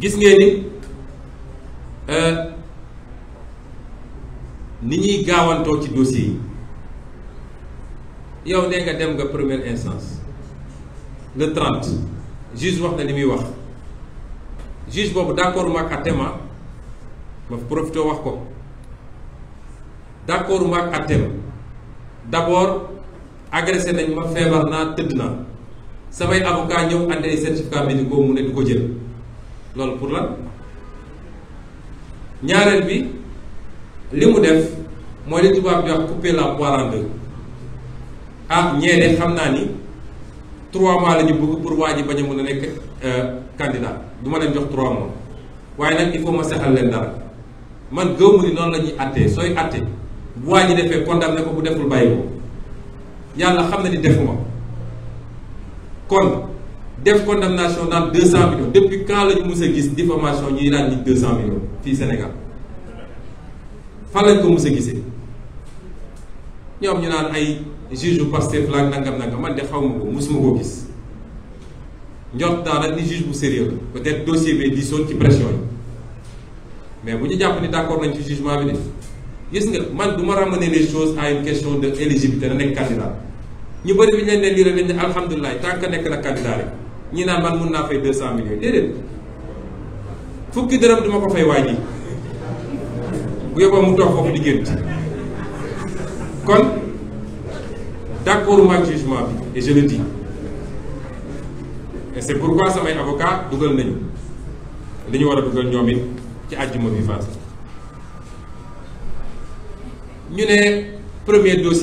gis ngeen ni euh, ni ñuy gaawantoo ci dossier yi yow nee nga dem nga première instance le 30 juge wax na li muy wax juge boobu d'accord ma ak àtte ma ah, ma profité wax ko d'accord ma ak àtte ma d'abord agressé nañ ma feebar naa tëdd naa samay avocat ñëw ànd ay certificat médicaux mu ne du ko jël loolu pour la ñaareel bi li mu def mooy li tubaab bi wax couper la poire en ah ñee xam naa ni trois mois la ñu pour waa ji bañ a mën a nekk euh, candidat du ma leen jox trois mois waaye nag il faut ma sexal leen dara man gëwmu ni noonu lañuy ñuy sooy àtte bu waa ji defee condamné ko bu deful bàyyi ko yàlla xam na ni defuma kon def condamnation naan 200 millions depuis quand la ñu mus a gis diffamation ñuy naan nit 200 millions fii Sénégal fan lañ ko mus a gisee ñoom ñu naan ay juge bu Pastef la nangam nangam man de xaw ma ko musuma koo gis njort naa nag ni juge bu sérieux la peut-être dossier bi di soon ci pression yi mais bu ñu jàpp ni d'accord nañ ci jugement bi def gis nga man du ma ramener les choses à une question de éligibilité na nekk candidat ñu bëri bi ñu leen leen lii rek tant que nekk na candidat ñi naan man mun naa fa deux cent millions déedéet fukki dërëm duma ko fay waaj yi bu yóbboo mu toog foofu di gént kon d'accord ma jugement bi et et c'est pourquoi samay avocat dugal nañu li ñu war a dugal ñoom ci àjjuma bi fas ñu ne premier dossier